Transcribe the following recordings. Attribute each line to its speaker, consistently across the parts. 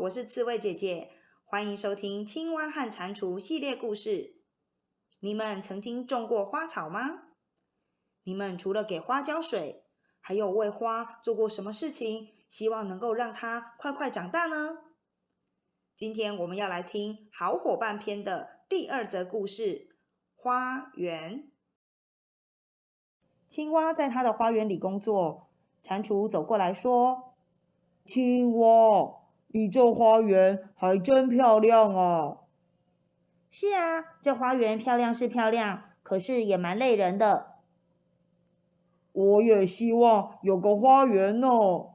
Speaker 1: 我是刺蝟姐姐，歡迎收聽《青蛙和蟾蜍》系列故事。你們曾經種過花草嗎？你們除了給花澆水，還有為花做過什麼事情，希望能夠讓它快快長大呢？今天我們要來聽《好夥伴》篇的第二則故事《花園》。青蛙在他的花園裡工作，蟾蜍走過來說：“青蛙。”你這花園還真漂亮啊！是啊，這花園漂亮是漂亮，可是也蠻累人的。我也希望有個花園呢。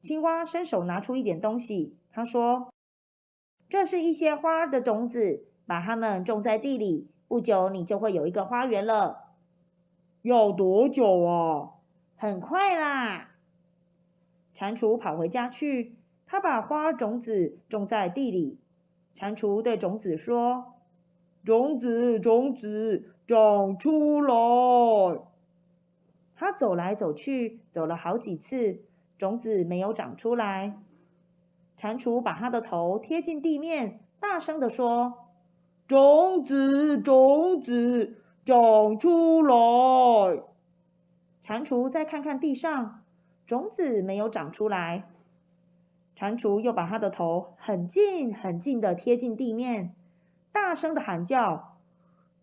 Speaker 1: 青蛙伸手拿出一點東西，他說：“這是一些花兒的種子，把它們種在地裡，不久你就會有一個花園了。”要多久啊？很快啦。蟾蜍跑回家去。他把花種子種在地裡，蟾蜍對種子說：“種子，種子，長出來！”他走來走去，走了好幾次，種子沒有長出來。蟾蜍把他的頭貼近地面，大聲地說：“種子，種子，長出來！”蟾蜍再看看地上，種子沒有長出來。蟾蜍又把它的頭很近很近的貼近地面，大聲的喊叫：“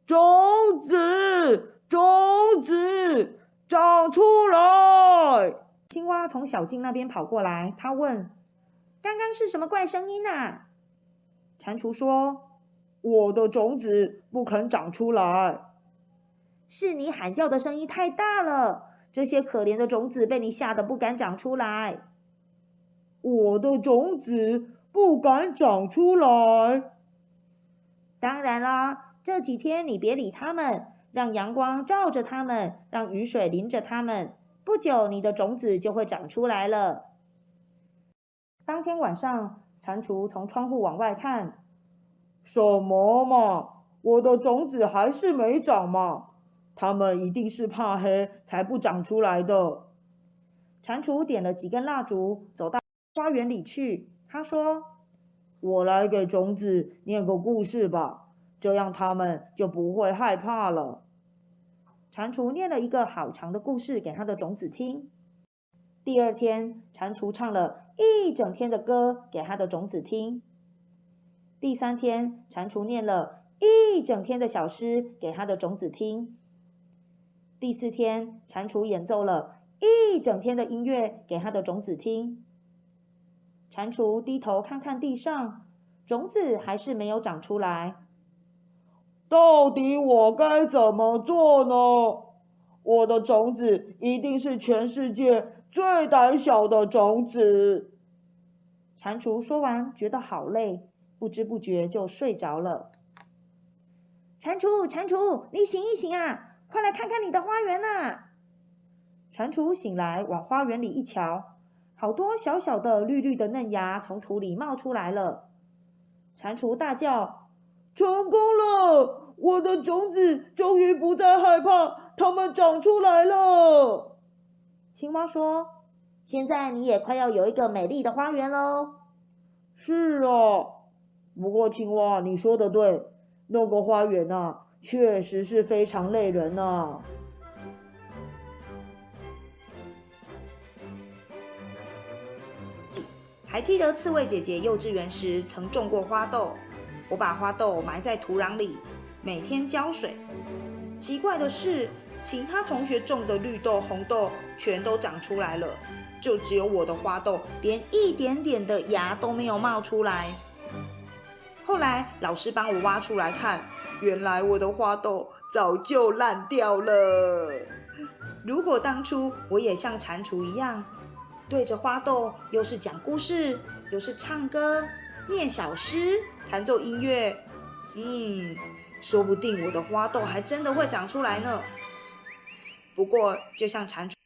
Speaker 1: 種子，種子，長出來！”青蛙從小徑那邊跑過來，他問：“剛剛是什麼怪聲音吶、啊？”蟾蜍說：“我的種子不肯長出來，是你喊叫的聲音太大了，這些可憐的種子被你嚇得不敢長出來。”我的種子不敢長出來。當然啦，這幾天你別理他們，讓陽光照着他們，讓雨水淋着他們，不久你的種子就會長出來了。當天晚上，蟾蜍從窗戶往外看，什麼嘛，我的種子還是沒長嘛！它們一定是怕黑才不長出來的。蟾蜍點了幾根蠟燭，走到花園裡去，他說：“我來給種子念個故事吧，這樣他們就不會害怕了。”蟾蜍念了一個好長的故事給他的種子聽。第二天，蟾蜍唱了一整天的歌給他的種子聽。第三天，蟾蜍念了一整天的小詩給他的種子聽。第四天，蟾蜍演奏了一整天的音樂給他的種子聽。蟾蜍低頭看看地上，種子還是沒有長出來。到底我該怎麼做呢？我的種子一定是全世界最膽小的種子。蟾蜍說完，覺得好累，不知不覺就睡着了。蟾蜍，蟾蜍，你醒一醒啊！快來看看你的花園啊！蟾蜍醒來，往花園裡一瞧。好多小小的綠綠的嫩芽從土裡冒出來了，蟾蜍大叫：“成功了！我的種子終於不再害怕，它們長出來了。”青蛙說：“現在你也快要有一個美麗的花園嘍。”“是啊，不過青蛙，你說的對，那個花園啊，確實是非常累人啊。”還記得刺蝟姐姐幼稚園時曾種過花豆，我把花豆埋在土壤裡，每天澆水。奇怪的是，其他同學種的綠豆、紅豆全都長出來了，就只有我的花豆連一點點的芽都沒有冒出來。後來老師幫我挖出來看，原來我的花豆早就爛掉了。如果當初我也像蟾蜍一樣，對着花豆，又是講故事，又是唱歌、念小詩、彈奏音樂。嗯，說不定我的花豆還真的會長出來呢。不過，就像蟾蜍。